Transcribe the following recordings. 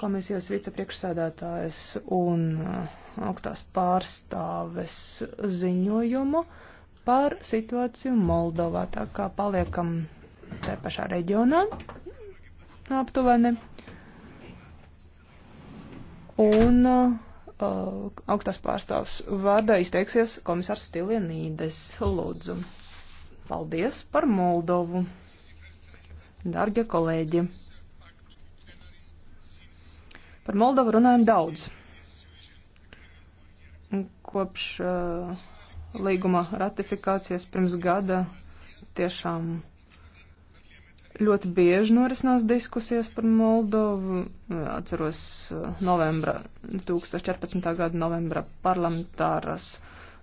komisijas vicepriekšsēdētājas un uh, augstās pārstāves ziņojumu par situāciju Moldovā, tā kā paliekam te pašā reģionā aptuveni. Un uh, uh augstās pārstāvs vārdā izteiksies komisārs Stilienīdes. Lūdzu. Paldies par Moldovu. Dargie kolēģi! Par Moldovu runājam daudz. Kopš uh, līguma ratifikācijas pirms gada tiešām ļoti bieži norisinās diskusijas par Moldovu. Atceros uh, novembra, 2014. gada novembra parlamentāras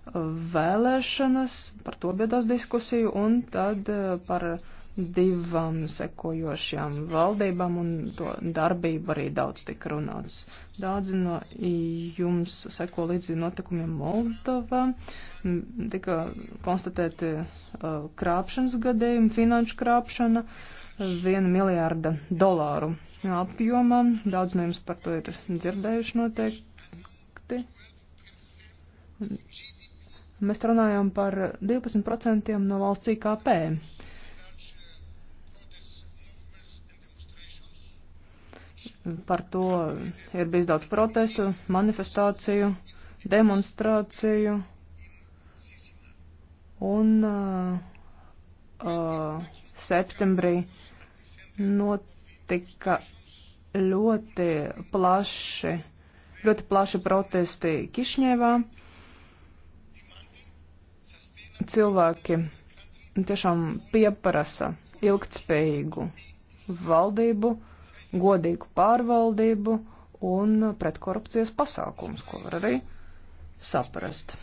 uh, vēlēšanas, par to biedās diskusiju, un tad uh, par uh, divām sekojošajām valdībām un to darbību arī daudz tika runāts. Daudzi no jums seko līdzi notikumiem Moldovā, tika konstatēti uh, krāpšanas gadījumi, finanšu krāpšana, viena miljārda dolāru apjomā. Daudz no jums par to ir dzirdējuši noteikti. Mēs runājam par 12% no valsts IKP Par to ir bijis daudz protestu, manifestāciju, demonstrāciju un uh, uh, septembrī notika ļoti plaši, ļoti plaši protesti Kišņevā. Cilvēki tiešām pieprasa ilgtspējīgu valdību godīgu pārvaldību un pretkorupcijas pasākums, ko var arī saprast.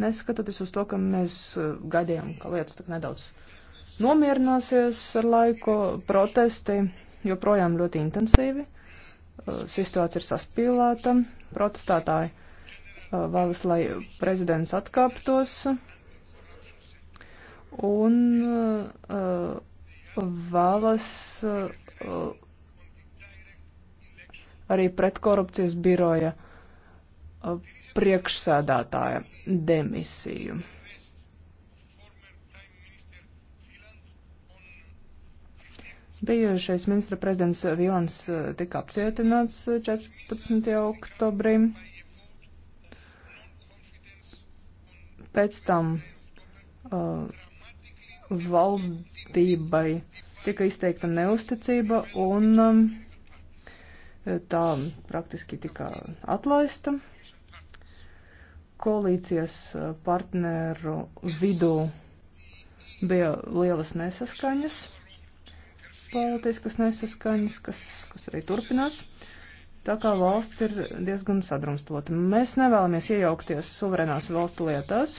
Neskatoties uz to, ka mēs uh, gadījām, ka lietas tik nedaudz nomierināsies ar laiku, protesti joprojām ļoti intensīvi, uh, situācija ir saspīlēta, protestētāji Uh, vēlas, lai prezidents atkāptos un uh, vēlas uh, arī pretkorupcijas biroja priekšsēdētāja demisiju. Bijušais ministra prezidents Vilans tika apcietināts 14. oktobrī. Pēc tam uh, valdībai tika izteikta neusticība un um, tā praktiski tika atlaista. Koalīcijas uh, partneru vidū bija lielas nesaskaņas, politiskas nesaskaņas, kas, kas arī turpinās. Uh, tā kā valsts ir diezgan sadrumstota. Mēs nevēlamies iejaukties suverenās valsts lietās.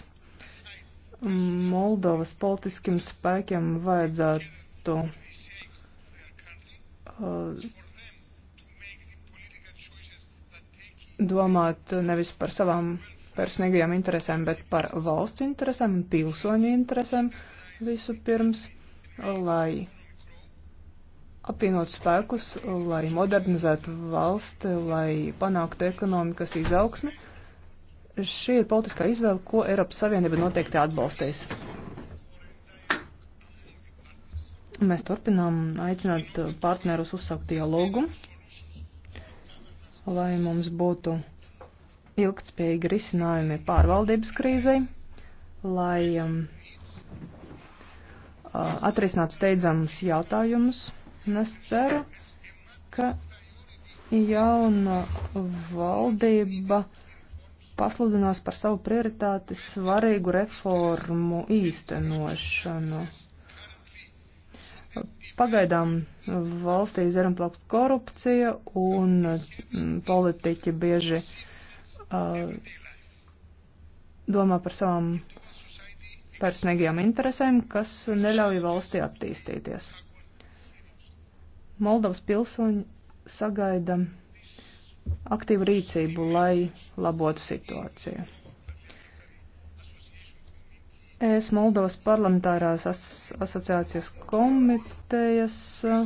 Moldovas politiskiem spēkiem vajadzētu uh, domāt nevis par savām personīgajām interesēm, bet par valsts interesēm un pilsoņu interesēm visu pirms, lai apvienot spēkus, lai modernizētu valsti, lai panāktu ekonomikas izaugsmi. Šī ir politiskā izvēle, ko Eiropas Savienība noteikti atbalstīs. Mēs turpinām aicināt partnerus uzsākt dialogu, lai mums būtu ilgtspējīgi risinājumi pārvaldības krīzei, lai um, atrisinātu steidzamus jautājumus Un es ceru, ka jauna valdība pasludinās par savu prioritāti svarīgu reformu īstenošanu. Pagaidām valstī zeram plaukst korupcija un mm, politiķi bieži uh, domā par savām personīgajām interesēm, kas neļauj valstī attīstīties. Moldovas pilsoņi sagaida aktīvu rīcību, lai labotu situāciju. Es Moldovas parlamentārās as asociācijas komitejas eh,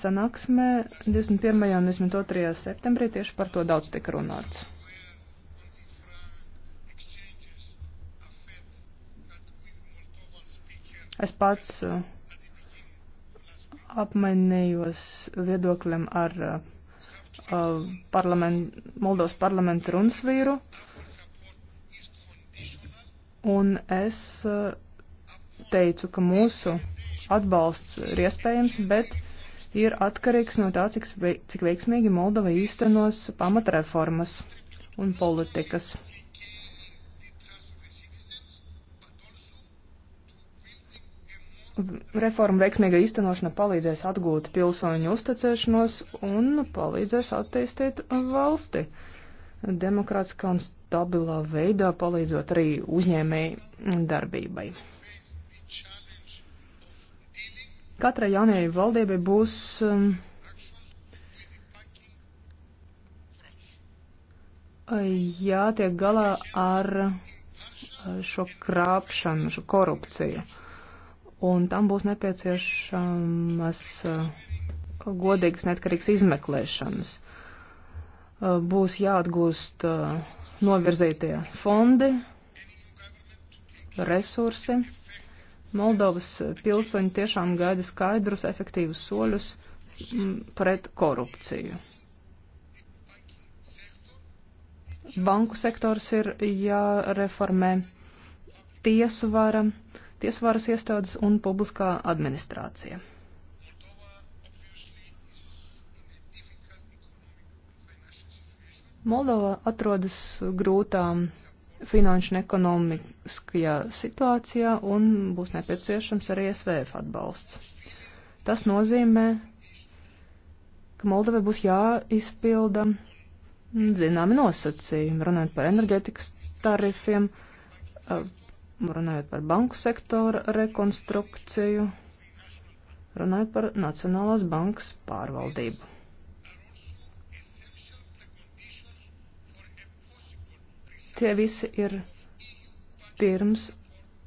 sanāksmē 21. un 22. septembrī tieši par to daudz tika runāts. Es pats uh, apmainījos viedokļiem ar uh, parlament, Moldovas parlamentu runas vīru, un es uh, teicu, ka mūsu atbalsts ir iespējams, bet ir atkarīgs no tā, cik, cik veiksmīgi Moldova īstenos pamatreformas un politikas. Reforma veiksmīga īstenošana palīdzēs atgūt pilsoņu uzticēšanos un palīdzēs attīstīt valsti demokrātiskā un stabilā veidā, palīdzot arī uzņēmēji darbībai. Katrai jaunajai valdībai būs um, jātiek galā ar uh, šo krāpšanu, šo korupciju. Uh, un tam būs nepieciešamas uh, godīgas netkarīgas izmeklēšanas. Uh, būs jāatgūst uh, novirzītie fondi, resursi. Moldovas pilsoņi tiešām gaida skaidrus, efektīvus soļus mm, pret korupciju. Banku sektors ir jāreformē, tiesvara. Ja tiesvaras iestādes un publiskā administrācija. Moldova atrodas grūtā finanšu un ekonomiskajā situācijā un būs nepieciešams arī SVF atbalsts. Tas nozīmē, ka Moldova būs jāizpilda zināmi nosacījumi, runājot par enerģetikas tarifiem, runājot par banku sektora rekonstrukciju, runājot par Nacionālās bankas pārvaldību. Tie visi ir pirms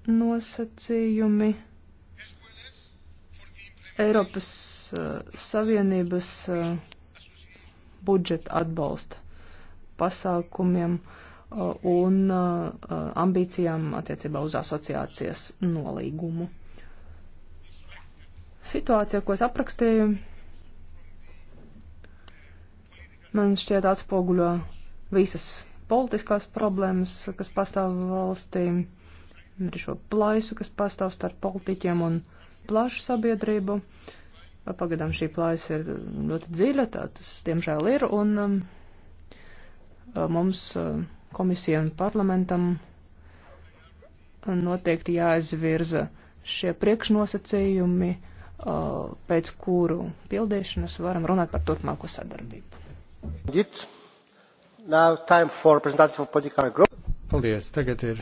nosacījumi Eiropas uh, Savienības uh, budžeta atbalsta pasākumiem. Uh, Uh, un uh, ambīcijām attiecībā uz asociācijas nolīgumu. Situācija, ko es aprakstīju, man šķiet atspoguļo visas politiskās problēmas, kas pastāv valstī, arī šo plaisu, kas pastāv starp politiķiem un plašu sabiedrību. Pagadām šī plaisa ir ļoti dziļa, tā tas diemžēl ir, un um, uh, mums. Uh, komisijai un parlamentam noteikti jāizvirza šie priekšnosacījumi, pēc kuru pildīšanas varam runāt par turpmāko sadarbību. Paldies. Tagad ir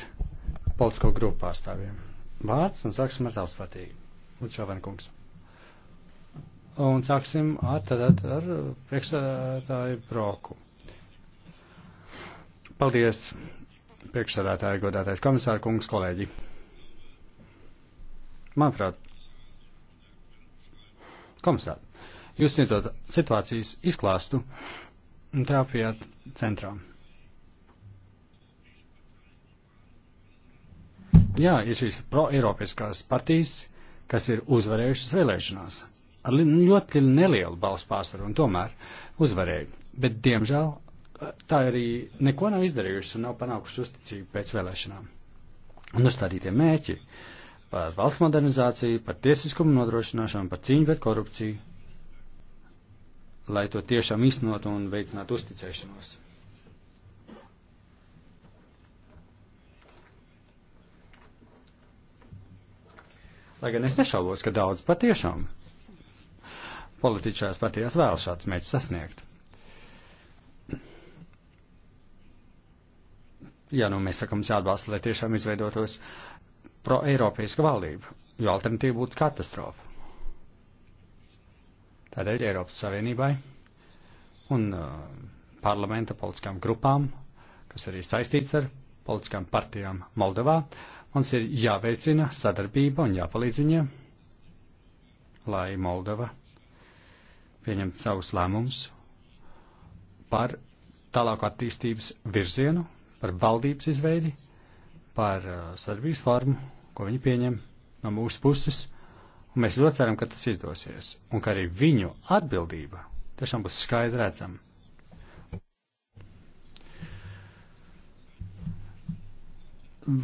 politisko grupu pārstāvjiem. Vārds un sāksim ar tālsvartīgu. Lūdzu, Čovena kungs. Un sāksim ar, tad, ar priekšstādātāju Broku. Paldies, priekšsēdētāji, godātais komisāra kungs, kolēģi. Manuprāt, komisār, jūs sniedzot situācijas izklāstu un trāpījāt centrā. Jā, ir šīs pro-eiropiskās partijas, kas ir uzvarējušas vēlēšanās ar ļoti nelielu balsu pārsvaru un tomēr uzvarēju. Bet, diemžēl, tā arī neko nav izdarījusi un nav panākusi uzticību pēc vēlēšanām. Un uzstādītie mērķi par valsts modernizāciju, par tiesiskumu nodrošināšanu, par cīņu pret korupciju, lai to tiešām īstenot un veicināt uzticēšanos. Lai gan es nešaubos, ka daudz patiešām politiķās partijās vēl šāds mērķis sasniegt. ja nu mēs sakam, jāatbalsta, lai tiešām izveidotos pro-eiropeiska valdība, jo alternatīva būtu katastrofa. Tādēļ Eiropas Savienībai un uh, parlamenta politiskām grupām, kas arī saistīts ar politiskām partijām Moldovā, mums ir jāveicina sadarbība un jāpalīdz viņiem, lai Moldova pieņemtu savus lēmumus par tālāku attīstības virzienu par valdības izveidi, par uh, sadarbības formu, ko viņi pieņem no mūsu puses, un mēs ļoti ceram, ka tas izdosies, un ka arī viņu atbildība tiešām būs skaidri redzama.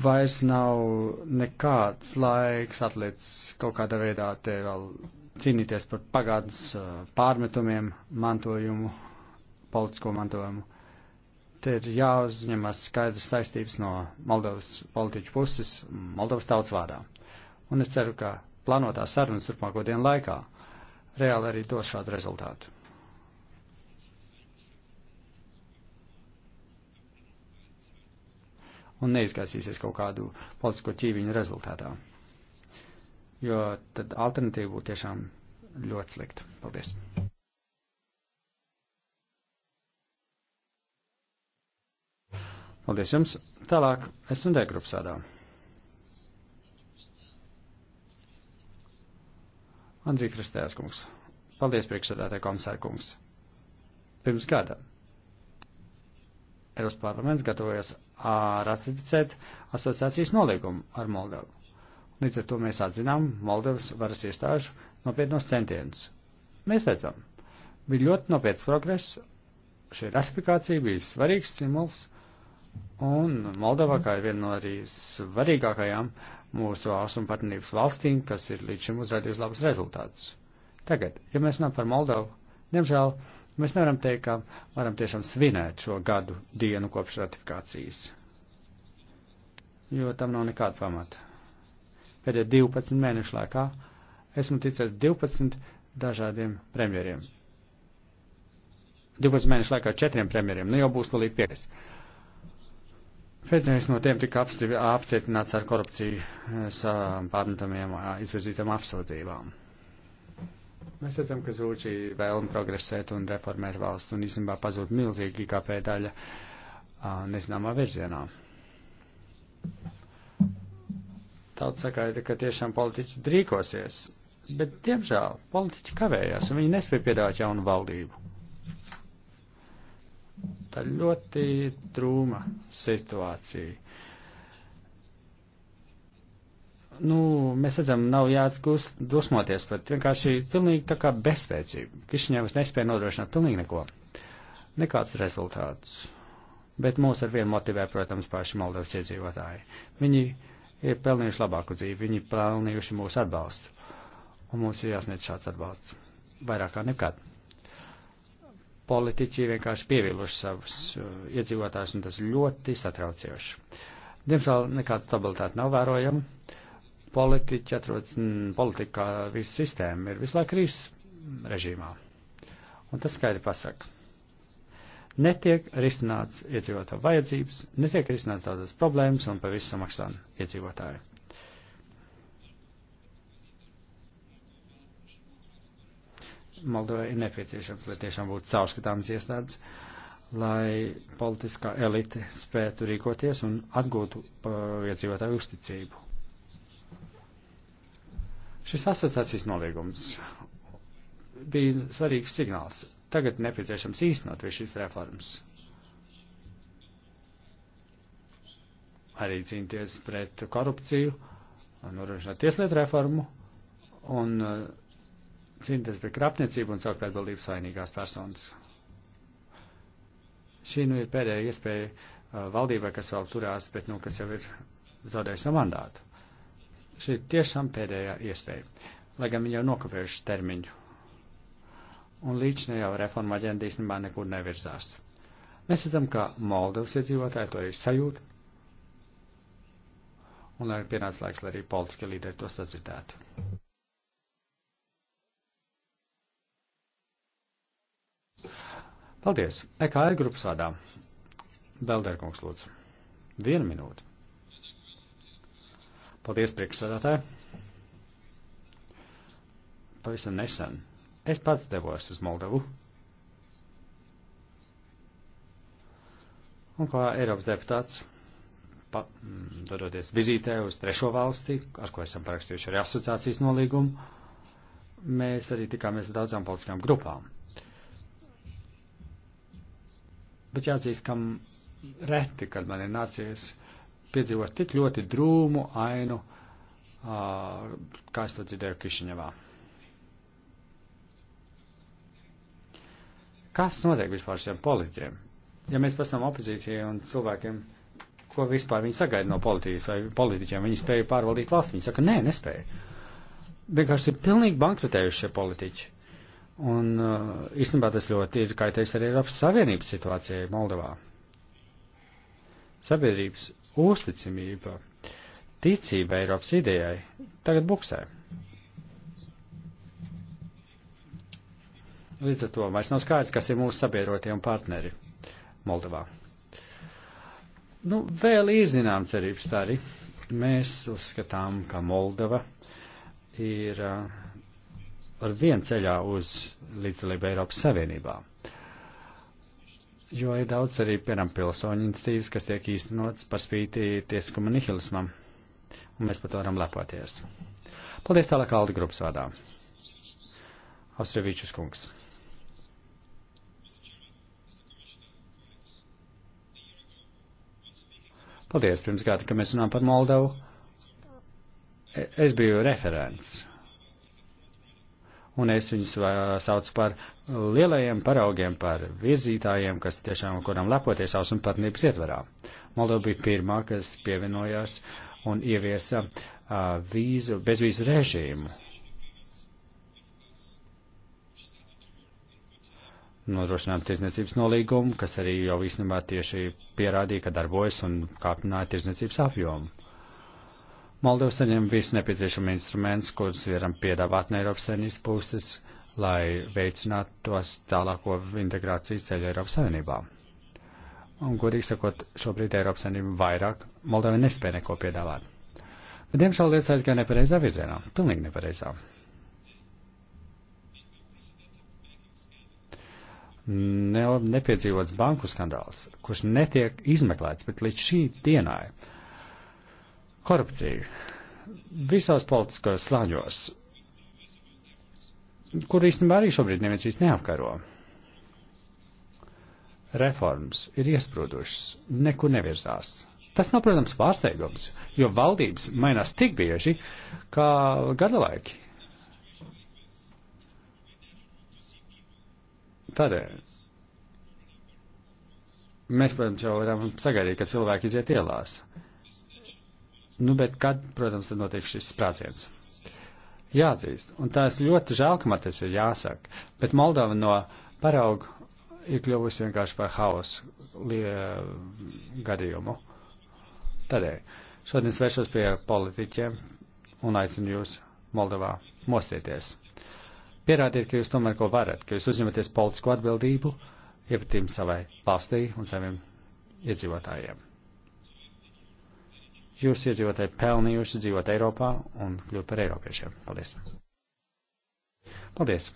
Vairs nav nekāds laiks atlicis kaut kādā veidā te vēl cīnīties par pagātnes uh, pārmetumiem, mantojumu, politisko mantojumu. Te ir jāuzņemas skaidrs saistības no Moldovas politiķu puses, Moldovas tautas vārdā. Un es ceru, ka plānotās sarunas turpmāko dienu laikā reāli arī dos šādu rezultātu. un neizgaisīsies kaut kādu politisko ķīviņu rezultātā. Jo tad alternatīva būtu tiešām ļoti slikta. Paldies! Paldies jums. Tālāk es un D grupas sādā. Andrija Kristējas kungs. Paldies, priekšsēdētāji komisāri kungs. Pirms gada Eiropas parlaments gatavojas ratificēt asociācijas nolīgumu ar Moldavu. Līdz ar to mēs atzinām Moldovas varas iestāžu nopietnos centienus. Mēs redzam, bija ļoti nopietns progress, šī ratifikācija bija svarīgs simbols Un Moldova, kā ir viena no arī svarīgākajām mūsu ārstu un partnerības valstīm, kas ir līdz šim uzrādījusi labus rezultātus. Tagad, ja mēs runājam par Moldovu, diemžēl mēs nevaram teikt, ka varam tiešām svinēt šo gadu dienu kopš ratifikācijas, jo tam nav nekāda pamata. Pēdējo 12 mēnešu laikā esmu ticies 12 dažādiem premjeriem. 12 mēnešu laikā četriem premjeriem, nu jau būs tūlīt piektais. Pēdējais no tiem tika apcietināts ar korupcijas eh, pārmetumiem eh, izvirzītām apsūdzībām. Mēs redzam, ka zūd šī vēlme progresēt un reformēt valstu un īstenībā pazūd milzīgi IKP daļa eh, nezināmā virzienā. Tauts sagaida, ka tiešām politiķi drīkosies, bet diemžēl politiķi kavējās un viņi nespēja piedāvāt jaunu valdību tā ļoti drūma situācija. Nu, mēs redzam, nav jāatgūst dusmoties, bet vienkārši pilnīgi tā kā bezspēcība. Kišņevs nespēja nodrošināt pilnīgi neko. Nekāds rezultāts. Bet mūs ar vienu motivē, protams, paši Moldovas iedzīvotāji. Viņi ir pelnījuši labāku dzīvi, viņi pelnījuši mūsu atbalstu. Un mums ir jāsniedz šāds atbalsts. Vairāk kā nekad politiķi vienkārši pieviluši savus eh, iedzīvotājus, un tas ļoti satraucieši. Diemžēl nekāda stabilitāte nav vērojama. Politiķi atrodas mm, politikā, visa sistēma ir visu laiku krīzes režīmā. Un tas skaidri pasaka. Netiek risināts iedzīvotāju vajadzības, netiek risināts tādas problēmas un pavisam maksā iedzīvotāju. Moldovai ir nepieciešams, lai tiešām būtu caurskatāmas iestādes, lai politiskā elite spētu rīkoties un atgūtu iedzīvotāju uzticību. Šis asociācijas nolīgums bija svarīgs signāls. Tagad nepieciešams īstenot visu šīs reformas. Arī cīnīties pret korupciju, norožināt tieslietu reformu un uh, cīnīties pret krāpniecību un saukt atbildības vainīgās personas. Šī nu ir pēdējā iespēja uh, valdībai, kas vēl turās, bet nu, kas jau ir zaudējusi mandātu. Šī ir tiešām pēdējā iespēja, lai gan viņi jau nokavējuši termiņu. Un līdšanējā reforma aģenda īstenībā nekur nevirzās. Mēs redzam, ka Moldovas iedzīvotāji to arī sajūt, un lai ir pienācis laiks, lai arī politiskie līderi to sadzirdētu. Paldies! EKR e grupas vārdā. Belderkungs lūdzu. Vienu minūti. Paldies, priekšsēdētāji. Pavisam nesen. Es pats devos uz Moldavu. Un kā Eiropas deputāts, pa, mm, dodoties vizītē uz trešo valsti, ar ko esam parakstījuši arī asociācijas nolīgumu, mēs arī tikāmies ar daudzām politiskām grupām. Bet jāatzīst, ka reti, kad man ir nācies piedzīvot tik ļoti drūmu ainu, kā es to dzirdēju Kišiņevā. Kas notiek vispār šiem politiķiem? Ja mēs pasam opozīcijai un cilvēkiem, ko vispār viņi sagaida no politijas vai politiķiem, viņi spēja pārvaldīt valsts, viņi saka, nē, nespēja. Vienkārši ir pilnīgi bankrotējuši šie politiķi. Un uh, īstenībā tas ļoti ir kaitējis arī Eiropas Savienības situācijai Moldovā. Sabiedrības uzticamība, ticība Eiropas idejai tagad buksē. Līdz ar to vairs nav skaidrs, kas ir mūsu sabiedrotie un partneri Moldovā. Nu, vēl ir zinām cerības tā arī. Mēs uzskatām, ka Moldova ir uh, ar vien ceļā uz līdzdalību Eiropas Savienībā. Jo ir daudz arī, piemēram, pilsoņu iniciatīvas, kas tiek īstenots par spīti tiesiskuma nihilismam, un mēs par to varam lepoties. Paldies tālāk Aldi grupas vārdā. Austrievičus kungs. Paldies, pirms gada, kad mēs runājam par Moldovu, e, es biju referents un es viņus saucu par lielajiem paraugiem, par virzītājiem, kas tiešām kuram lepoties ausuma partnerības ietvarā. Moldova bija pirmā, kas pievienojās un ieviesa uh, vīzu, bezvīzu režīmu. Nodrošinām tirzniecības nolīgumu, kas arī jau īstenībā tieši pierādīja, ka darbojas un kāpināja tirzniecības apjomu. Moldova saņem visu nepieciešamo instrumentus, kurus varam piedāvāt no Eiropas Savienības puses, lai veicinātu tos tālāko integrācijas ceļu Eiropas Savienībā. Un, godīgi sakot, šobrīd Eiropas Savienība vairāk Moldova nespēja neko piedāvāt. Bet, diemžēl, lietas aizgāja nepareizā virzienā, pilnīgi nepareizā. Ne, nepiedzīvots banku skandāls, kurš netiek izmeklēts, bet līdz šī dienai korupcija visos politiskajos slāņos, kur īstenībā arī šobrīd neviens īsti neapkaro. Reformas ir iesprūdušas, nekur nevirzās. Tas nav, protams, pārsteigums, jo valdības mainās tik bieži, kā gadalaiki. Tādēļ mēs, protams, jau varam sagaidīt, ka cilvēki iziet ielās. Uh, Nu, bet kad, protams, tad notiek šis sprādziens? Jāatzīst, un tā es ļoti žēl, ka man tas ir jāsaka, bet Moldova no parauga ir kļuvusi vienkārši par haosu gadījumu. Tādēļ šodien es vēršos pie politiķiem un aicinu jūs Moldovā mostieties. Pierādiet, ka jūs tomēr ko varat, ka jūs uzņematies politisko atbildību, iepratīm savai valstī un saviem iedzīvotājiem. Jūs iedzīvotāji pelnījuši dzīvot Eiropā un kļūt par Eiropiešiem. Paldies! Paldies!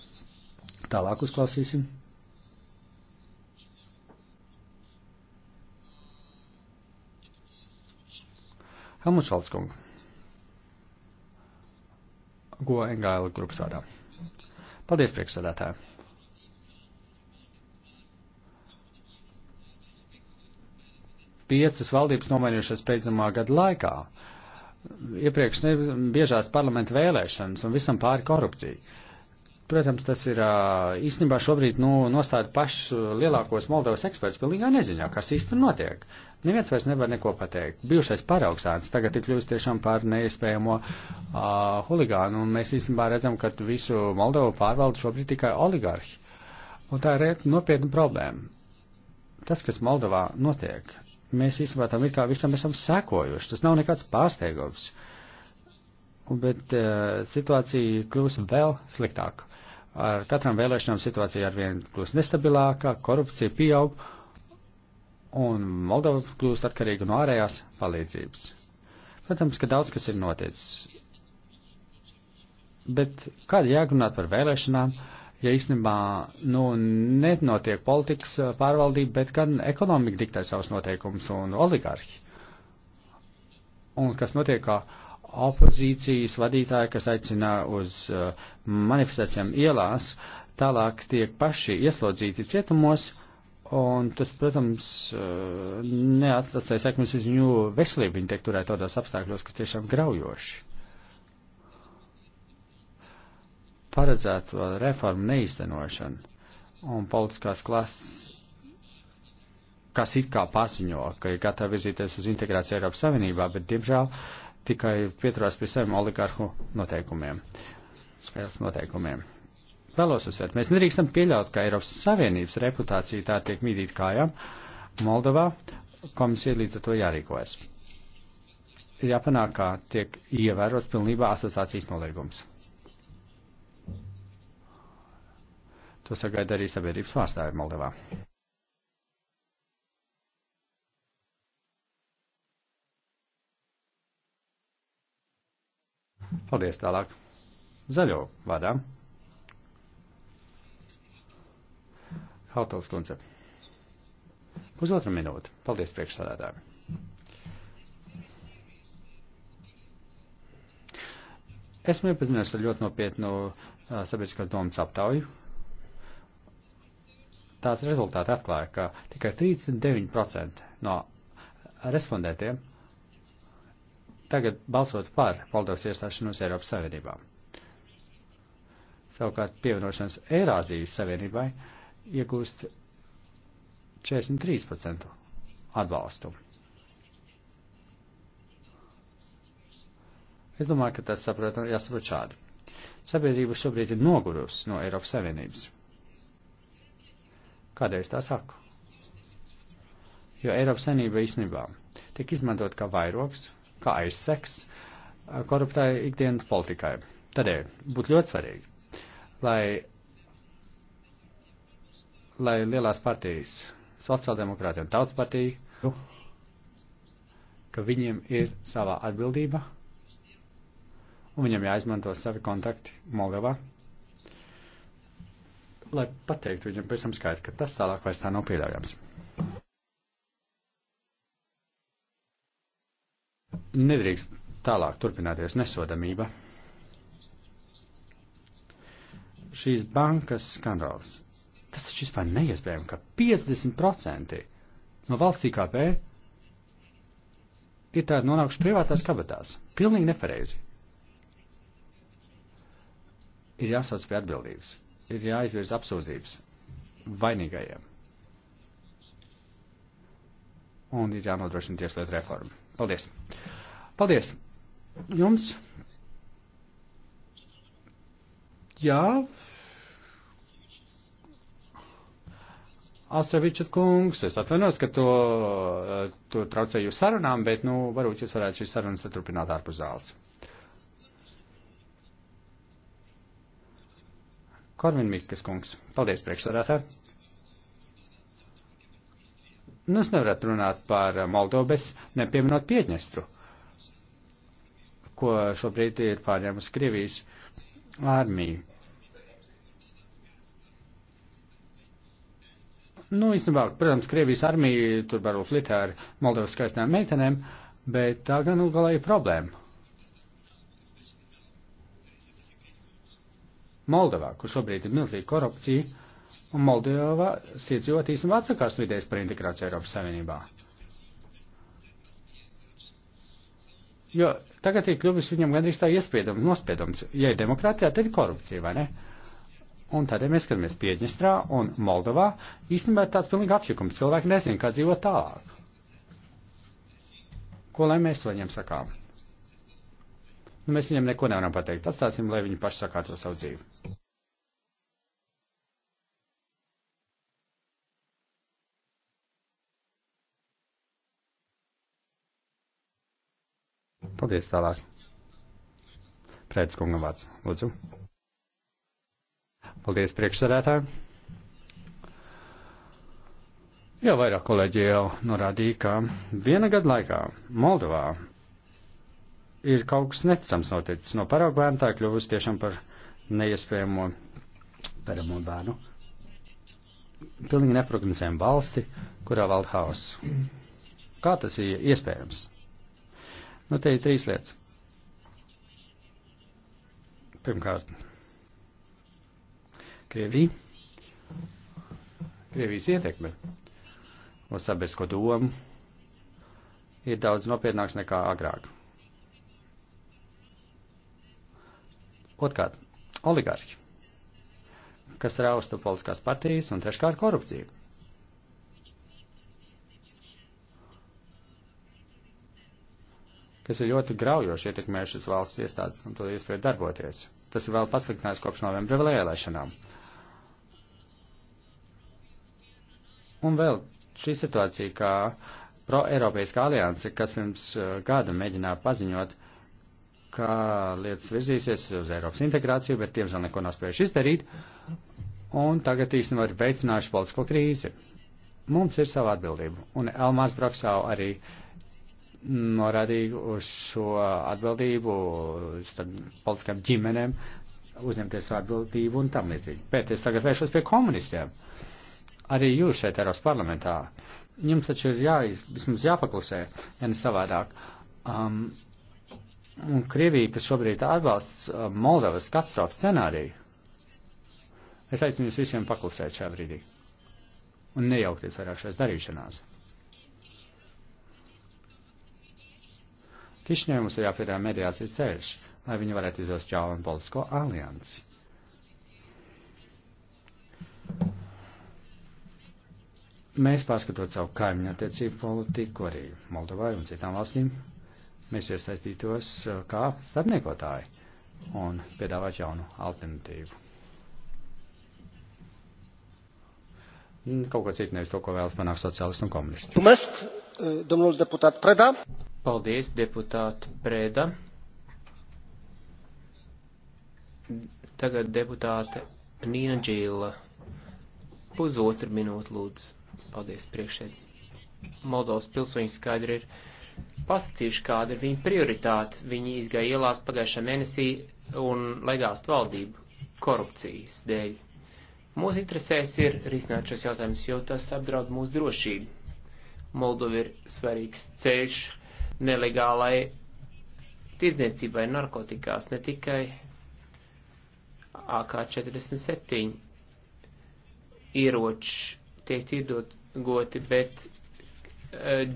Tālāk uzklausīsim. Helmuts Valskungs, Go Engāla grupas vārdā. Paldies, priekšsēdētāji! piecas valdības nomainījušās pēdējā gada laikā. Iepriekš biežās parlamenta vēlēšanas un visam pāri korupcija. Protams, tas ir īstenībā šobrīd nu, nostāda pašus lielākos Moldovas eksperts pilnīgā neziņā, kas īsti notiek. Neviens vairs nevar neko pateikt. Bijušais paraugsāns tagad ir kļuvis tiešām par neiespējamo uh, huligānu, un mēs īstenībā redzam, ka visu Moldovu pārvalda šobrīd tikai oligarhi. Un tā ir nopietna problēma. Tas, kas Moldovā notiek, mēs īstenībā tam it kā visam esam sekojuši. Tas nav nekāds pārsteigums. Bet uh, situācija kļūs vēl sliktāka. Ar katram vēlēšanām situācija arvien kļūst nestabilāka, korupcija pieaug, un Moldova kļūst atkarīga no ārējās palīdzības. Protams, ka daudz kas ir noticis. Bet kāda jēga runāt par vēlēšanām? Uh, ja īstenībā nu, nenotiek politikas pārvaldība, bet gan ekonomika diktē savus noteikumus un oligarhi. Un kas notiek, ka opozīcijas vadītāji, kas aicina uz manifestācijām ielās, tālāk tiek paši ieslodzīti cietumos, un tas, protams, neatstāja sekmes uz viņu veselību, viņi tiek turēt tādās apstākļos, kas tiešām graujoši. paredzēto reformu neiztenošanu un politiskās klases, kas it kā paziņo, ka ir gatavi virzīties uz integrāciju Eiropas Savienībā, bet diemžēl tikai pieturās pie saviem oligarhu noteikumiem, spēles noteikumiem. Vēlos uzsvērt, mēs nedrīkstam pieļaut, ka Eiropas Savienības reputācija tā tiek mīdīt kājām Moldovā, komisija līdz ar to jārīkojas. Ir jāpanāk, ka tiek ievērots pilnībā asociācijas nolīgums. To sagaida arī sabiedrības pārstāvi Moldavā. Paldies tālāk. Zaļo vadā. Hautals kundze. Pusotra minūte. Paldies priekšsādātāji. Esmu iepazinies ar ļoti nopietnu uh, sabiedriskā domas aptauju, tās rezultāti atklāja, ka tikai 39% no respondentiem tagad balsot par Moldovas iestāšanos Eiropas Savienībā. Savukārt pievienošanās Eirāzijas Savienībai iegūst 43% atbalstu. Es domāju, ka tas saprotam, jāsaprot šādi. Sabiedrība šobrīd ir nogurusi no Eiropas Savienības. Kādēļ es tā saku? Jo Eiropas senība īstenībā tiek izmantot kā vairoks, kā aizseks eh, korruptai ikdienas politikai. Tādēļ būtu ļoti svarīgi, lai, lai lielās partijas, sociāldemokrāti un tautas partija, ka viņiem ir savā atbildība un viņam jāizmanto savi kontakti Moldovā lai pateiktu viņam pēc tam skaidri, ka tas tālāk vairs tā nav pieļaujams. Nedrīkst tālāk turpināties nesodamība. Šīs bankas skandāls. Tas taču vispār neiespējami, ka 50% no valsts IKP ir tādi nonākuši privātās kabatās. Pilnīgi nepareizi. Ir jāsauc pie atbildības ir jāizvirz apsūdzības vainīgajiem. Un ir jānodrošina tieslietu reforma. Paldies! Paldies! Jums! Jā! Astravičs kungs, es atvainos, ka to, eh, to traucēju sarunām, bet, nu, varbūt jūs varētu šīs sarunas turpināt ārpus zāles. Korvin Mikas kungs. Paldies, priekšsādātāji. Nu, es nevarētu runāt par Moldovas, nepieminot Piedņestru, ko šobrīd ir pārņēmusi Krievijas armija. Nu, īstenībā, protams, Krievijas armija tur var flitē ar Moldovas skaistām meitenēm, bet tā gan nu galā ir problēma. Moldovā, kur šobrīd ir milzīga korupcija, un Moldovā iedzīvot īstenībā atsakās vidējas par integrāciju Eiropas Savienībā. Jo tagad ir kļuvis viņam gandrīz tā iespiedums, nospiedums. Ja ir demokrātijā, tad ir korupcija, vai ne? Un tādēļ mēs skatāmies Piedņestrā un Moldovā. Īstenībā ir tāds pilnīgi apjukums. Cilvēki nezin, kā dzīvot tālāk. Ko lai mēs to viņam sakām? Nu, mēs viņiem neko nevaram pateikt. Atstāsim, lai viņi paši sakārto savu dzīvi. Paldies tālāk. Prēdis kunga vārds. Lūdzu. Paldies priekšsarētāji. Jau vairāk kolēģi jau norādīja, ka viena gada laikā Moldovā ir kaut kas necams noticis. No paraugu bērna tā kļuvusi tiešām par neiespējamo peramo bērnu. Pilnīgi neprognozējama valsti, kurā valda haoss. Kā tas ir iespējams? Nu, te ir trīs lietas. Pirmkārt, Krievija. Krievijas ietekme uz sabiedrisko domu ir daudz nopietnāks nekā agrāk. Otkārt, oligarhi, kas rausta politiskās partijas un treškārt korupciju. kas ir ļoti graujoši ietekmējušas valsts iestādes un to iespēju darboties. Tas ir vēl pasliktinājis kopš novembra vēlēšanām. Un vēl šī situācija, kā pro-eiropeiska alianse, kas pirms eh, gada mēģināja paziņot uh, ka lietas virzīsies uz Eiropas integrāciju, bet tiemžēl neko nav spējuši izdarīt, un tagad īstenībā ir veicinājuši politisko krīzi. Mums ir sava atbildība, un Elmārs Broksau arī norādīja uz šo atbildību starp politiskām ģimenēm, uzņemties atbildību un tam līdzīgi. Bet es tagad vēršos pie komunistiem. Arī jūs šeit Eiropas parlamentā. Jums taču ir jāiz, vismaz jāpaklusē, ja ne savādāk. Um, Un Krievija, kas šobrīd atbalsta uh, Moldovas katastrofas scenāriju, es aicinu jūs visiem paklusēt šajā brīdī un nejaukties vairāk šajās darīšanās. Kišņai mums ir jāpiedāvā mediācijas ceļš, lai viņi varētu izvest jaunu politisko aliansi. Mēs pārskatot savu kaimiņu attiecību politiku arī Moldovai un citām valstīm mēs iesaistītos eh, kā starpniekotāji un piedāvāt jaunu alternatīvu. Mm, kaut ko citu nevis to, ko vēlas panākt sociālisti un komunisti. Tumesk, eh, domnul deputāt Preda. Paldies, deputāt Preda. Tagad deputāte Nīna Džīla. Pusotru minūtu lūdzu. Paldies, priekšēd. Moldovas pilsoņi skaidri ir pasacījuši, kāda ir viņa prioritāte. Viņi izgāja ielās pagājušā mēnesī un legāst valdību korupcijas dēļ. Mūsu interesēs ir risināt šos jautājumus, jo tas apdraud mūsu drošību. Moldova ir svarīgs ceļš nelegālai tirdzniecībai narkotikās, ne tikai AK-47 ieroči tiek tirgoti, bet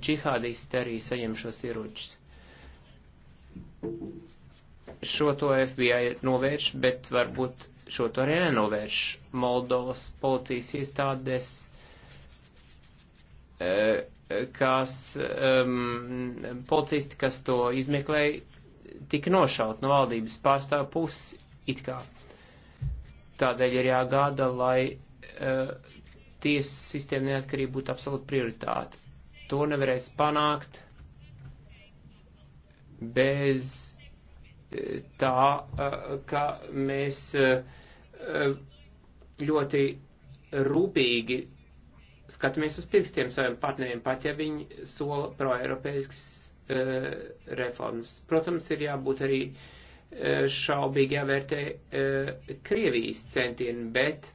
džihādisti arī saņem šos ieročus. Šo to FBI novērš, bet varbūt šo to arī nenovērš. Moldovas policijas iestādes, e, kas, um, policisti, kas to izmeklēja, tika nošaut no valdības pārstāv puses it kā. Tādēļ ir jāgāda, lai uh, tiesas sistēma neatkarība būtu absolūta prioritāte to nevarēs panākt bez e, tā, e, ka mēs e, ļoti rūpīgi skatāmies uz pirkstiem saviem partneriem, pat ja viņi sola proeiropeisks reformas. Protams, ir jābūt arī šaubīgi jāvērtē Krievijas centieni, bet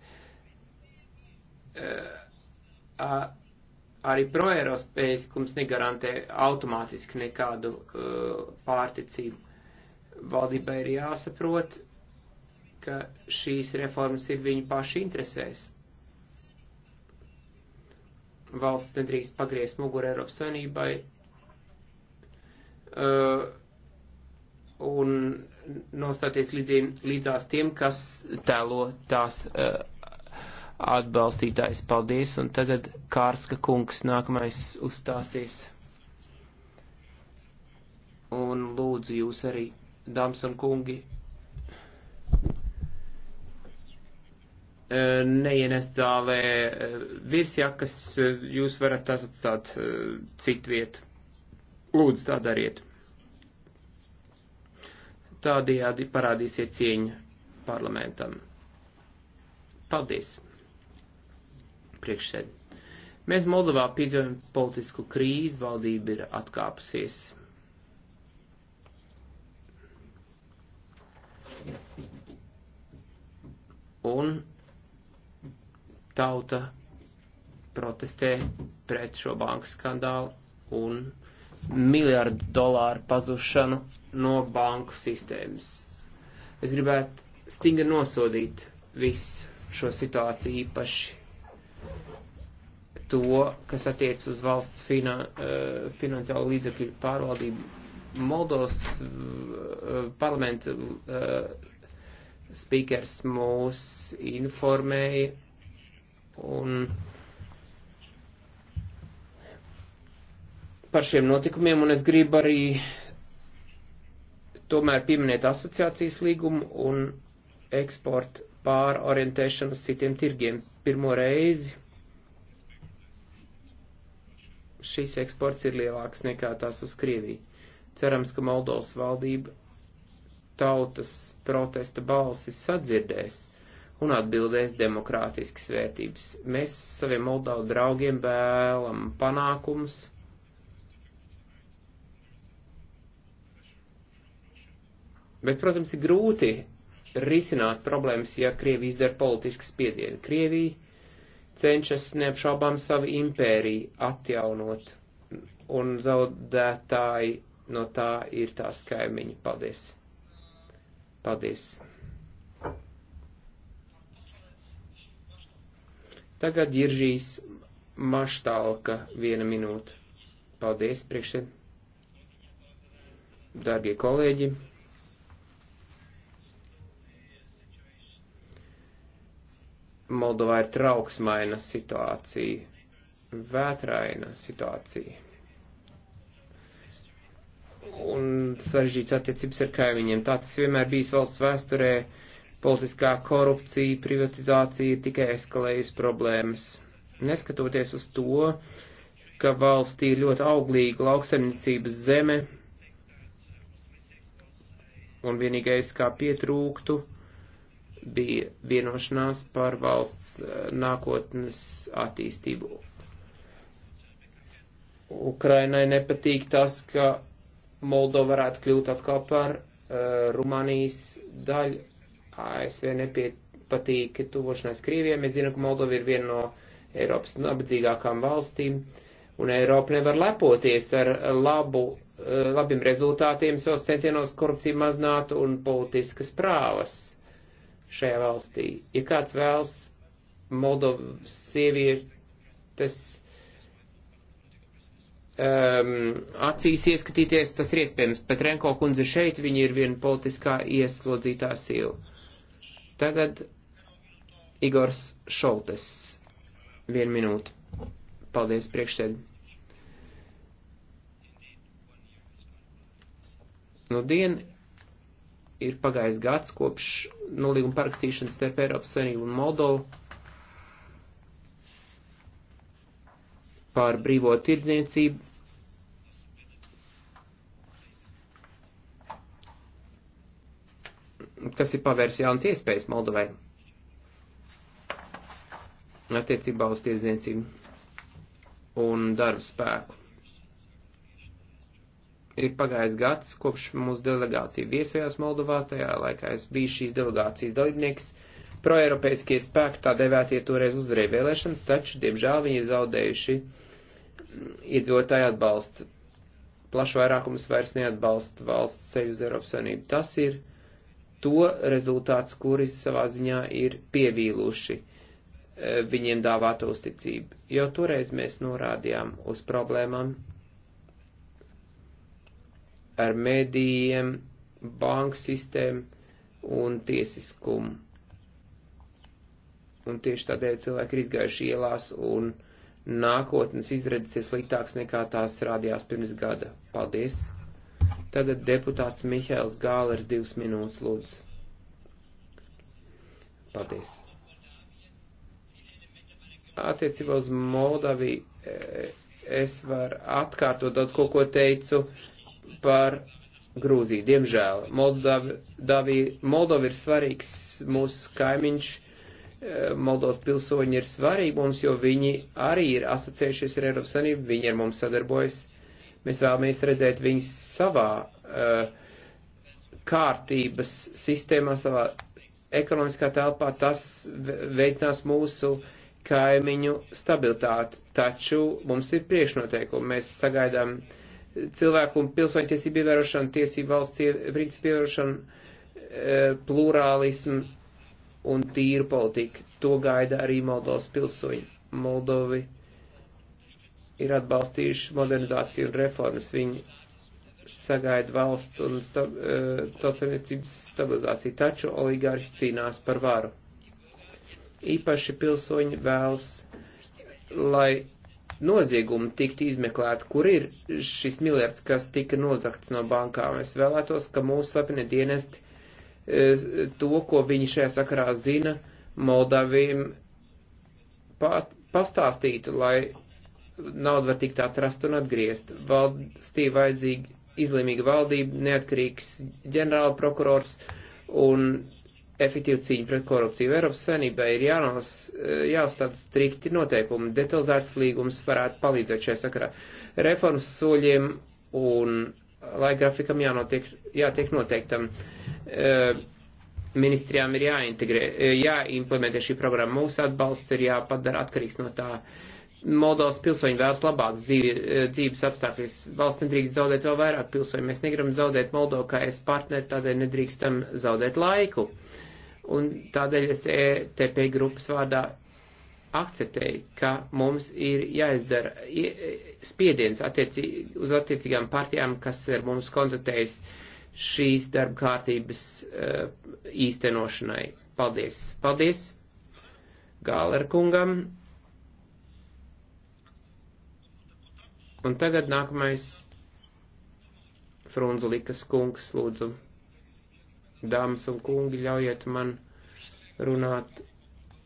arī proeirospējiskums negarantē automātiski nekādu uh, pārticību. Valdībai ir jāsaprot, ka šīs reformas ir viņu paši interesēs. Valsts nedrīkst pagriezt muguru Eiropas Savienībai. Uh, un nostāties līdzī, līdzās tiem, kas tēlo tās uh, atbalstītājs. Paldies, un tagad Kārska kungs nākamais uzstāsies. Un lūdzu jūs arī, dāmas un kungi, eh, neienest zālē eh, virsjakas, eh, jūs varat tās atstāt citu vietu. Lūdzu, tā dariet. Tādējādi parādīsiet cieņu parlamentam. Paldies! priekšsēd. Mēs Moldovā piedzīvojam politisku krīzi, valdība ir atkāpusies. Un tauta protestē pret šo banku skandālu un miljardu dolāru pazušanu no banku sistēmas. Es gribētu stingri nosodīt visu šo situāciju īpaši to, kas attiec uz valsts finan, eh, finansiālo līdzekļu pārvaldību. Moldovas eh, parlamenta eh, spīkers mūs informēja un par šiem notikumiem, un es gribu arī tomēr pieminēt asociācijas līgumu un eksporta pārorientēšanu uz citiem tirgiem. Pirmo reizi šīs eksports ir lielāks nekā tās uz Krieviju. Cerams, ka Moldovas valdība tautas protesta balsis sadzirdēs un atbildēs demokrātiskas vērtības. Mēs saviem Moldavu draugiem vēlam panākums. Bet, protams, ir grūti risināt problēmas, ja Krievija izdara politisku spiedienu. Krievija cenšas neapšaubām savu impēriju atjaunot, un zaudētāji no tā ir tās kaimiņi. Paldies! Paldies! Tagad ir žīs maštālka viena minūte. Paldies, priekšsēd. Dārgie kolēģi! Moldovā ir trauksmaina situācija, vētraina situācija. Un sarežģīts attiecības ar kaimiņiem. Tā tas vienmēr bijis valsts vēsturē. Politiskā korupcija, privatizācija tikai eskalējas problēmas. Neskatoties uz to, ka valstī ir ļoti auglīga lauksaimniecības zeme, un vienīgais, kā pietrūktu, bija vienošanās par valsts eh, nākotnes attīstību. Ukrainai nepatīk tas, ka Moldova varētu kļūt atkal par uh, Rumānijas daļu. ASV nepatīk tuvošanās Krievijai. Mēs zinām, ka Moldova ir viena no Eiropas nabadzīgākām valstīm, un Eiropa nevar lepoties ar labu, uh, labiem rezultātiem savos centienos korupciju maznāt un politiskas prāvas šajā valstī. Ja kāds vēlas Moldovas sievietes um, acīs ieskatīties, tas ir iespējams, bet Renko kundze šeit, viņa ir viena politiskā ieslodzītā sieva. Tagad Igors Šoltes. Vienu minūtu. Paldies priekšsēd. Nu, dienu ir pagājis gads kopš nolīguma parakstīšanas starp Eiropas Savienību un Moldovu par brīvo tirdzniecību. kas ir pavērs jaunas iespējas Moldovai attiecībā uz tirdzniecību un darba spēku ir pagājis gads, kopš mūsu delegācija viesojās Moldovā, tajā laikā es biju šīs delegācijas dalībnieks. Proeiropeiskie spēki tā devētie toreiz uzvarēja vēlēšanas, taču, diemžēl, viņi ir zaudējuši iedzīvotāju atbalstu. Plašu vairākums vairs neatbalsta valsts ceļu uz Eiropas Savienību. Tas ir to rezultāts, kuri savā ziņā ir pievīluši eh, viņiem dāvāto uzticību. Jau toreiz mēs norādījām uz problēmām, ar medijiem, banku sistēmu un tiesiskumu. Un tieši tādēļ cilvēki ir izgājuši ielās un nākotnes izredzes ir sliktāks nekā tās rādījās pirms gada. Paldies! Tagad deputāts Mihails Gālers divas minūtes lūdzu. Paldies! Attiecībā uz Moldaviju eh, es varu atkārtot daudz ko, ko teicu par Grūziju. Diemžēl Moldavi, Moldova ir svarīgs mūsu kaimiņš, eh, Moldovas pilsoņi ir svarīgi mums, jo viņi arī ir asociējušies ar Eiropas Savienību, viņi ar mums sadarbojas. Mēs vēlamies redzēt viņus savā uh, kārtības sistēmā, savā ekonomiskā telpā. Tas veicinās mūsu kaimiņu stabilitāti, taču mums ir priekšnoteikumi. Mēs sagaidām uh, cilvēku un pilsoņtiesību ievērošanu, tiesību valsts principu ievērošanu, e, plurālismu un tīru politiku. To gaida arī Moldovas pilsoņi. Moldovi ir atbalstījuši modernizāciju un reformas. Viņi sagaida valsts un sta, e, tautsamniecības stabilizāciju, taču oligārši cīnās par varu. Īpaši pilsoņi vēlas, lai noziegumi tiktu izmeklēti, kur ir šis miljards, kas tika nozakts no bankām. Es vēlētos, ka mūsu slepeni dienesti e, to, ko viņi šajā sakarā zina, Moldavijam pastāstītu, lai nauda var tikt atrast un atgriezt. Valstī vajadzīga izlīmīga valdība, neatkarīgs ģenerāla prokurors un efektīvu cīņu pret korupciju. Eiropas savinībā ir jānos, eh, jāuzstāda strikti noteikumi, detalizēts līgums varētu palīdzēt šajā sakarā. Reformas soļiem un laika grafikam jānotiek, jātiek noteiktam. Eh, ministrijām ir jāintegrē, eh, jāimplementē šī programma. Mūsu atbalsts ir jāpadara atkarīgs no tā. Moldovas pilsoņi vēlas labāks dzīvi, dzīves apstākļus. Valsts nedrīkst zaudēt vēl vairāk pilsoņu. Mēs negribam zaudēt Moldovu kā es partneri, tādēļ nedrīkstam zaudēt laiku. Uh, Un tādēļ es ETP grupas vārdā akceptēju, ka mums ir jāizdara spiediens attiecī, uz attiecīgām partijām, kas ir mums kontaktējis šīs darba kārtības uh, īstenošanai. Paldies! Paldies! Gāler kungam! Un tagad nākamais Frunzulikas kungs lūdzu dāmas un kungi, ļaujiet man runāt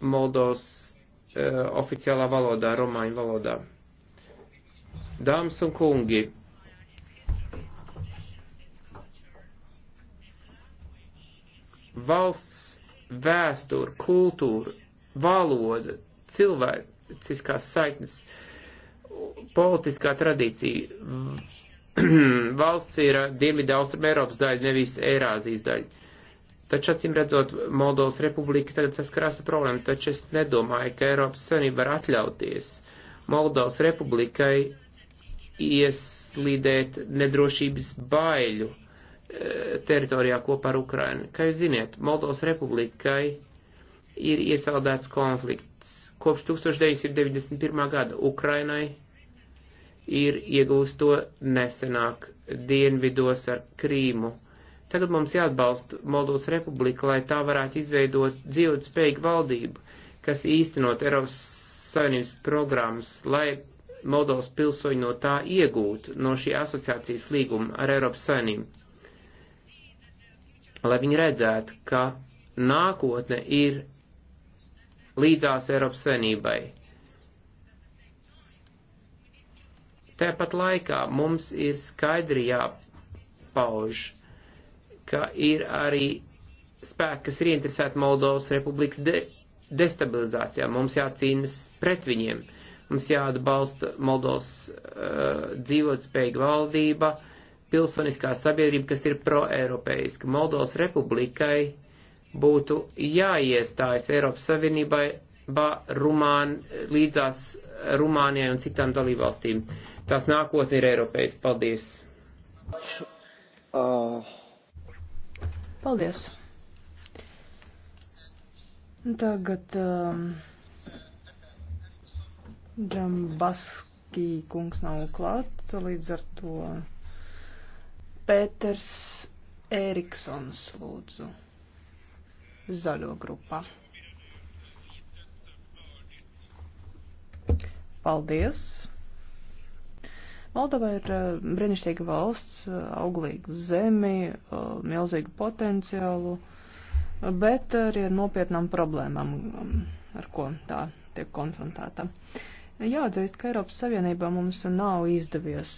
Moldovas uh, eh, e, oficiālā valodā, romāņu valodā. Dāmas un kungi, valsts vēsture, kultūra, valoda, cilvēciskās saiknes, politiskā tradīcija. valsts ir eh, Dienvidu Austrum Eiropas daļa, nevis Eirāzijas daļa. Taču, acīm redzot, Moldovas republika tagad saskarās ar problēmu, taču es nedomāju, ka Eiropas Savienība var atļauties Moldovas republikai ieslīdēt nedrošības baiļu e, teritorijā kopā ar Ukrainu. Kā jūs ziniet, Moldovas republikai ir iesaldēts konflikts. Kopš 1991. gada Ukrainai ir iegūsto nesenāk dienvidos ar Krīmu Tagad mums jāatbalsta Moldovas republika, lai tā varētu izveidot dzīvot spējīgu valdību, kas īstenot Eiropas Savienības programmas, lai Moldovas pilsoņi no tā iegūtu, no šī asociācijas līguma ar Eiropas Savienību. Lai viņi redzētu, ka nākotne ir līdzās Eiropas Savienībai. Tāpat laikā mums ir skaidri jāpauž ka ir arī spēki, kas ir ieinteresēti Moldovas republikas de destabilizācijā. Mums jācīnas pret viņiem. Mums jāatbalsta Moldovas uh, dzīvotspējīga valdība, pilsoniskā sabiedrība, kas ir proeiropeiska. Moldovas republikai būtu jāiestājas Eiropas Savienībai ba, Rumān, līdzās Rumānijai un citām dalībvalstīm. Tās nākotne ir Eiropējas. Paldies! Uh. Paldies! Tagad um, Džambaski kungs nav klāt, līdz ar to Pēters Eriksons lūdzu zaļo grupā. Paldies! Moldova ir eh, brīnišķīga valsts, eh, auglīga zemi, eh, milzīgu potenciālu, bet arī ar nopietnām problēmām, ar ko tā tiek konfrontēta. Jāatzīst, ka Eiropas Savienībā mums nav izdevies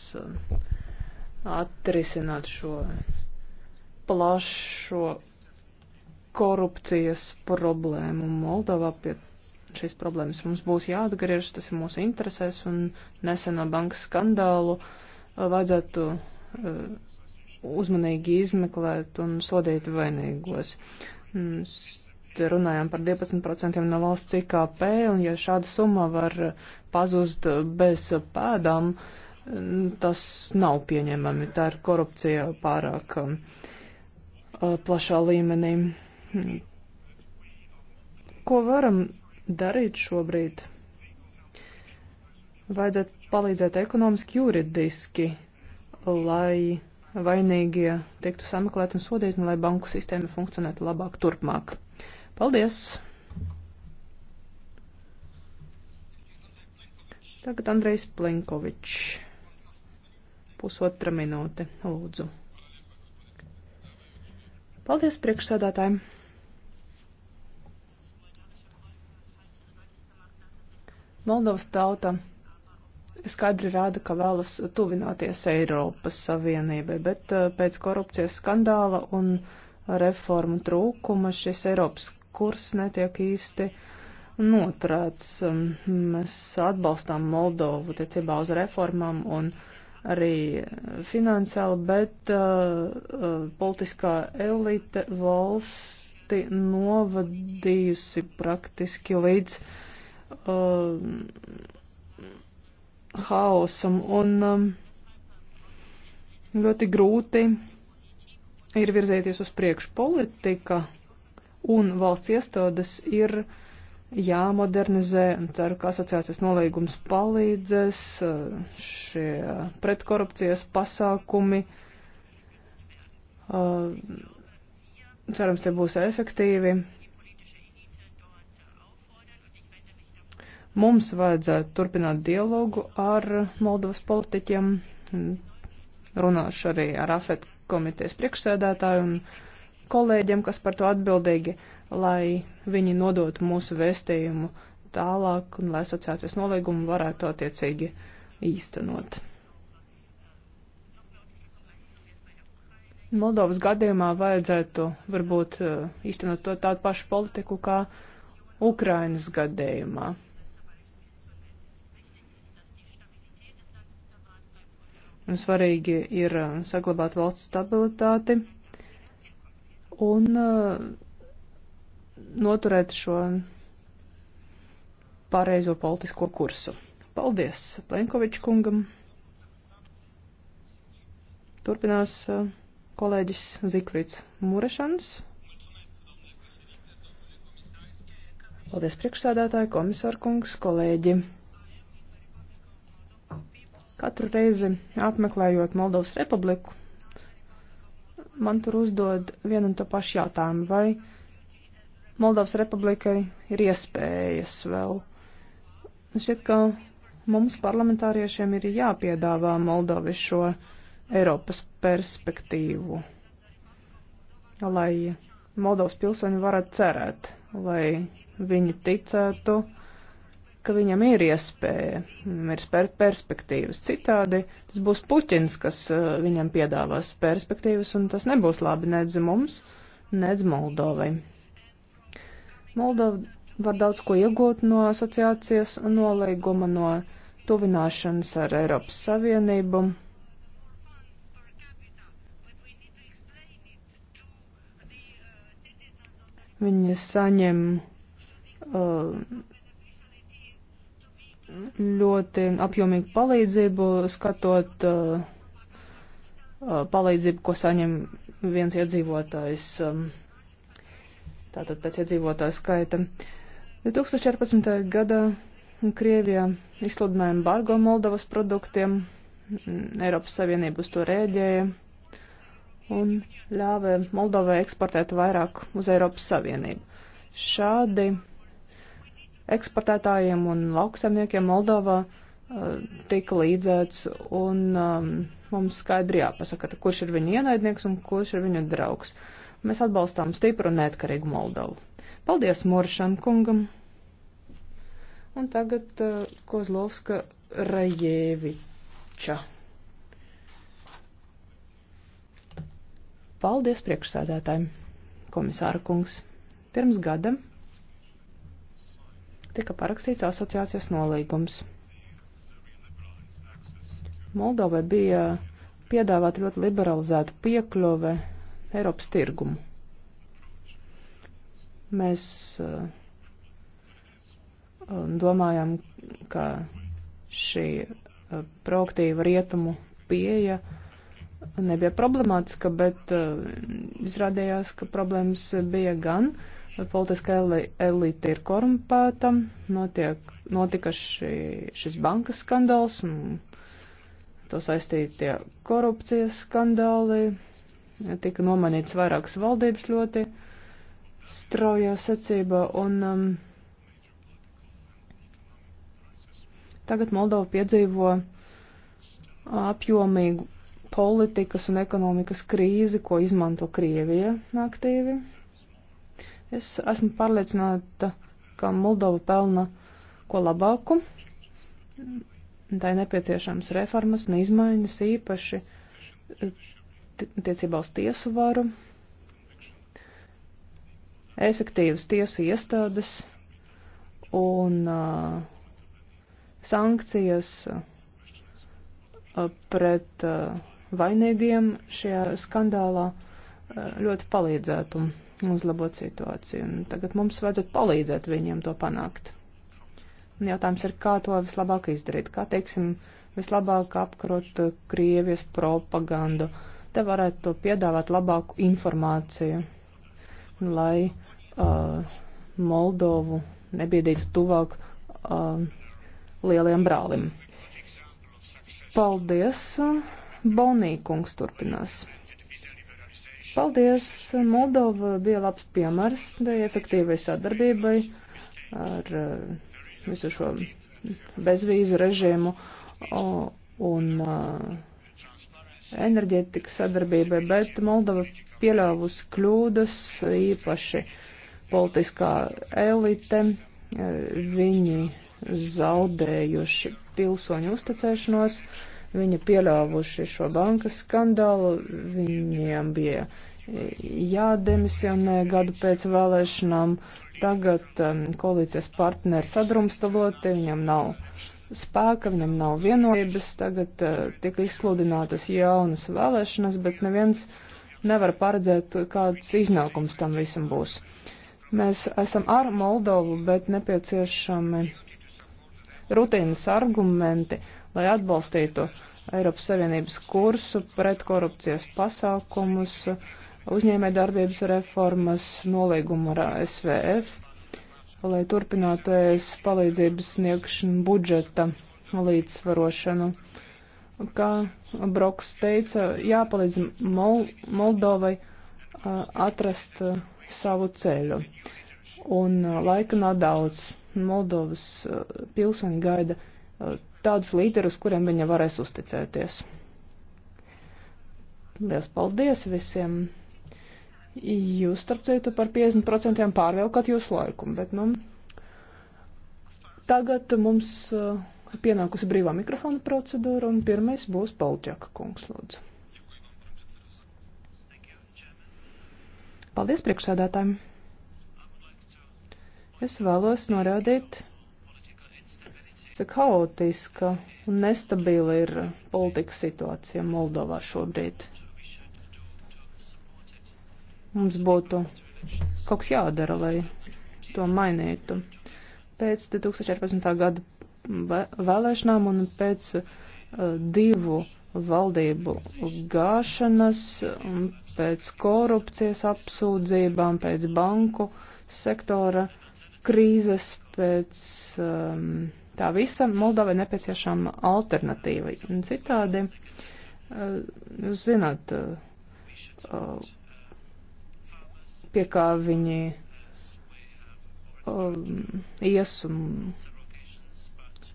atrisināt šo plašo korupcijas problēmu. Moldovā pie šīs problēmas. Mums būs jāatgriežas, tas ir mūsu interesēs, un neseno bankas skandālu eh, vajadzētu eh, uzmanīgi izmeklēt un sodīt vainīgos. Mm, te runājām par 12% no valsts IKP, un ja šāda summa var pazust bez pēdām, mm, tas nav pieņemami. Tā ir korupcija pārāk mm, plašā līmenī ko varam darīt šobrīd. Vajadzētu palīdzēt ekonomiski, juridiski, lai vainīgie tiktu sameklēti un sodīti, un lai banku sistēma funkcionētu labāk turpmāk. Paldies! Tagad Andrejs Plenkovičs. Pusotra minūte, lūdzu. Paldies priekšsēdātājiem! Moldovas tauta skaidri rāda, ka vēlas tuvināties Eiropas Savienībai, bet eh, pēc korupcijas skandāla un reformu trūkuma šis Eiropas kurs netiek īsti noturēts. Um, mēs atbalstām Moldovu tiecībā uz reformām un arī finansiāli, bet uh, politiskā elite valsts valsti novadījusi praktiski līdz Um, haosam un um, ļoti grūti ir virzēties uz priekšu politika un valsts iestādes ir jāmodernizē. Ceru, ka asociācijas nolīgums palīdzēs uh, šie pretkorupcijas pasākumi. Uh, cerams, tie būs efektīvi. Mums vajadzētu turpināt dialogu ar Moldovas politiķiem, runāšu arī ar AFET komitejas priekšsēdētāju un kolēģiem, kas par to atbildīgi, lai viņi nodotu mūsu vēstījumu tālāk un lai asociācijas nolīgumu varētu attiecīgi īstenot. Moldovas gadījumā vajadzētu varbūt eh, īstenot to tādu pašu politiku kā Ukrainas gadījumā. Svarīgi ir uh, saglabāt valsts stabilitāti un uh, noturēt šo pareizo politisko kursu. Paldies Plenkoviča kungam. Turpinās uh, kolēģis Zikvits Murešans. Paldies priekšsādātāji, komisārkungs, kolēģi. Katru reizi apmeklējot Moldovas republiku, man tur uzdod vienu un to pašu jautājumu, vai Moldovas republikai ir iespējas vēl. Man šķiet, ka mums parlamentāriešiem ir jāpiedāvā Moldovi šo Eiropas perspektīvu, lai Moldovas pilsoņi varētu cerēt, lai viņi ticētu ka viņam ir iespēja, viņam ir perspektīvas. Citādi tas būs Puķins, kas uh, viņam piedāvās perspektīvas, un tas nebūs labi nedz mums, nedz Moldovai. Moldova var daudz ko iegūt no asociācijas nolaiguma, no tuvināšanas ar Eiropas Savienību. Viņi saņem uh, ļoti apjomīgu palīdzību, skatot uh, uh, palīdzību, ko saņem viens iedzīvotājs, um, tātad pēc iedzīvotāja skaita. 2014. gada Krievijā izsludināja embargo Moldovas produktiem, mm, Eiropas Savienība uz to rēģēja un ļāva Moldovai eksportēt vairāk uz Eiropas Savienību. Šādi eksportētājiem un lauksaimniekiem Moldovā uh, tika līdzēts, un um, mums skaidri jāpasaka, kurš ir viņa ienaidnieks un kurš ir viņa draugs. Mēs atbalstām stipru un neatkarīgu Moldovu. Paldies Moršan kungam! Un tagad uh, Kozlovska Rajēviča. Paldies priekšsēdētājiem, komisāra kungs. Pirms gadam tika parakstīts asociācijas nolīgums. Moldovai bija piedāvāta ļoti liberalizēta piekļuve Eiropas tirgumu. Mēs uh, um, domājam, ka šī uh, proaktīva rietumu pieeja nebija problemātiska, bet uh, izrādījās, ka problēmas bija gan uh, politiskā elite ir korumpēta, notiek, notika šī, šis bankas skandāls un to saistītie korupcijas skandāli, tika nomainīts vairākas valdības ļoti straujā secībā un um, tagad Moldova piedzīvo apjomīgu politikas un ekonomikas krīzi, ko izmanto Krievija aktīvi. Es esmu pārliecināta, ka Moldova pelna ko labāku. Tā ir nepieciešams reformas un izmaiņas īpaši tiecībā uz tiesu varu, efektīvas tiesu iestādes un uh, sankcijas uh, pret uh, vainīgiem šajā skandālā uh, ļoti palīdzētu uzlabot situāciju. Un tagad mums vajadzētu palīdzēt viņiem to panākt. Un jautājums ir, kā to vislabāk izdarīt, kā, teiksim, vislabāk apkarot uh, Krievijas propagandu. Te varētu piedāvāt labāku informāciju, lai uh, Moldovu nebiedītu tuvāk uh, lieliem brālim. Paldies, Bonīkungs turpinās. Paldies! Moldova bija labs piemērs efektīvai sadarbībai ar eh, visu šo bezvīzu režīmu un eh, enerģētikas sadarbībai, bet Moldova pieļāvus kļūdas īpaši politiskā elite. Eh, viņi zaudējuši pilsoņu uzticēšanos. Uh, Viņi pieļāvuši šo bankas skandālu, viņiem bija jādemisionē gadu pēc vēlēšanām. Tagad um, koalīcijas partneri sadrumstaloti, viņam nav spēka, viņam nav vienotības. Tagad uh, tika izsludinātas jaunas vēlēšanas, bet neviens nevar paredzēt, kāds iznākums tam visam būs. Mēs esam ar Moldovu, bet nepieciešami rutīnas argumenti, lai atbalstītu Eiropas Savienības kursu pret korupcijas pasākumus, uzņēmē darbības reformas, nolīgumu ar SVF, lai turpinātu es palīdzības sniegšanu budžeta līdzsvarošanu. Kā Broks teica, jāpalīdz Mol Moldovai atrast savu ceļu. Un laika nav daudz. Moldovas pilsoņi gaida tādus līderus, kuriem viņa varēs uzticēties. Lielas paldies visiem! Jūs, starp citu, par 50% pārvilkat jūsu laiku, bet, nu, tagad mums uh, pienākusi brīvā mikrofona procedūra, un pirmais būs Palčaka kungs, lūdzu. Paldies priekšsēdētājiem! Es vēlos norādīt Cik haotiska un nestabila ir politikas situācija Moldovā šobrīd. Mums būtu kaut kas jādara, lai to mainītu. Pēc 2014. gada vēlēšanām un pēc uh, divu valdību gāšanas, pēc korupcijas apsūdzībām, pēc banku sektora krīzes, pēc um, tā visa Moldovai nepieciešama alternatīva. Un citādi, eh, jūs zināt, eh, pie kā viņi eh, ies un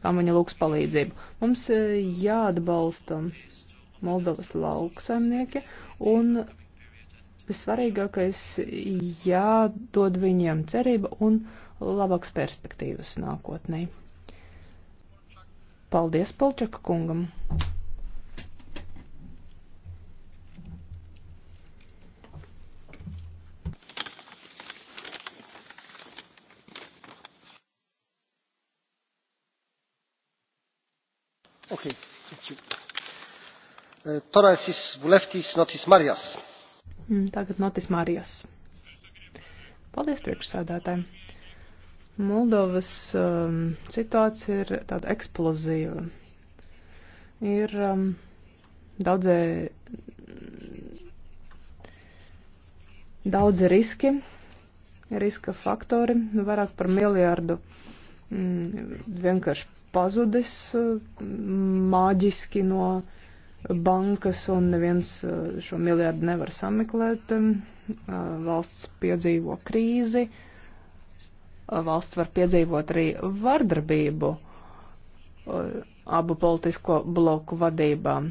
kā viņi lūgs palīdzību. Mums jāatbalsta Moldovas lauksaimnieki un vissvarīgākais jādod viņiem cerība un labāks perspektīvas nākotnē. Paldies Polčaka kungam. Okay, uh, mm, Tagad notis Marijas. Paldies priekšsēdētājiem. Moldovas um, situācija ir tāda eksplozīva. Ir um, daudzie, daudzi riski, riska faktori, nu, vairāk par miljārdu mm, vienkārši pazudis māģiski no bankas un neviens uh, šo miljārdu nevar sameklēt. Um, uh, valsts piedzīvo krīzi. Uh, valsts var piedzīvot arī vardarbību uh, abu politisko bloku vadībām.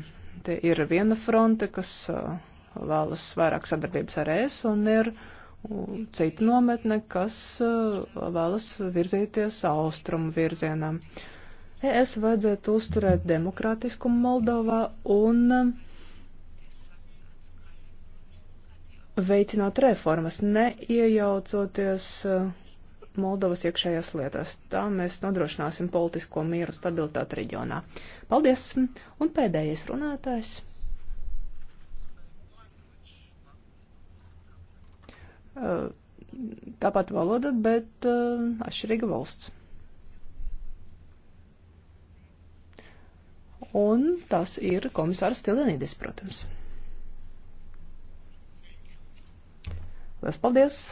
Te ir viena fronte, kas uh, vēlas vairāk sadarbības ar ES, un ir uh, cita nometne, kas vēlas virzīties austrumu virzienā. ES vajadzētu uzturēt demokrātiskumu Moldovā un veicināt reformas, neiejaucoties uh, Moldovas iekšējās lietas. Tā mēs nodrošināsim politisko mieru un stabilitāti reģionā. Paldies! Un pēdējais runātājs. Eh, tāpat valoda, bet eh, atšķirīga valsts. Un tas ir komisārs Stilenīdis, protams. Lielas paldies!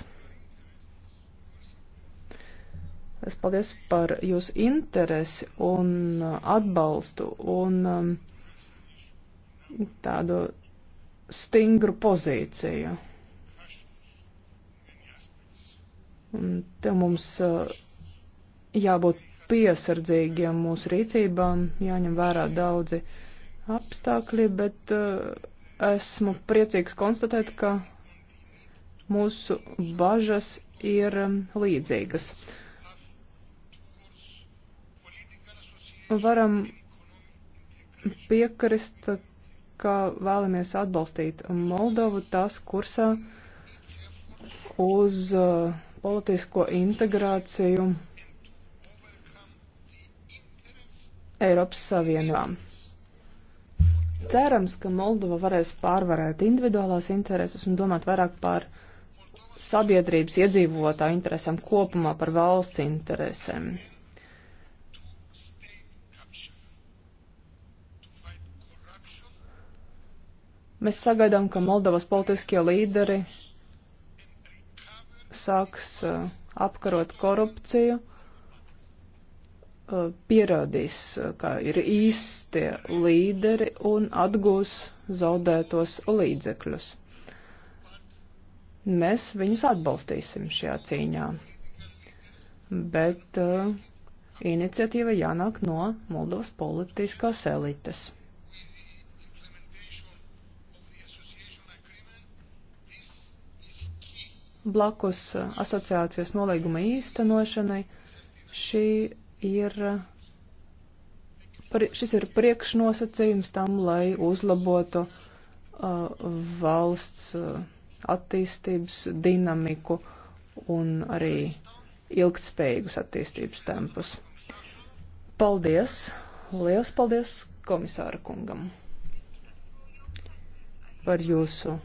Es paldies par jūsu interesi un uh, atbalstu un um, tādu stingru pozīciju. Un te mums uh, jābūt piesardzīgiem mūsu rīcībām, jāņem vērā daudzi apstākļi, bet uh, esmu priecīgs konstatēt, ka mūsu bažas ir um, līdzīgas. Uh, varam piekrist, ka vēlamies atbalstīt Moldovu tās kursā uz uh, politisko integrāciju Eiropas Savienībā. Cerams, ka Moldova varēs pārvarēt individuālās intereses un domāt vairāk par sabiedrības iedzīvotāju interesēm kopumā, par valsts interesēm. Mēs sagaidām, ka Moldovas politiskie līderi sāks eh, apkarot korupciju, eh, pierādīs, eh, ka ir īstie līderi un atgūs zaudētos līdzekļus. Mēs viņus atbalstīsim šajā cīņā, bet uh, iniciatīva jānāk no Moldovas politiskās elites. blakus eh, asociācijas nolīguma īstenošanai. Šī ir, eh, šis ir priekšnosacījums tam, lai uzlabotu uh, valsts uh, attīstības dinamiku un arī ilgtspējīgus attīstības tempus. Paldies! Liels paldies komisāra kungam par jūsu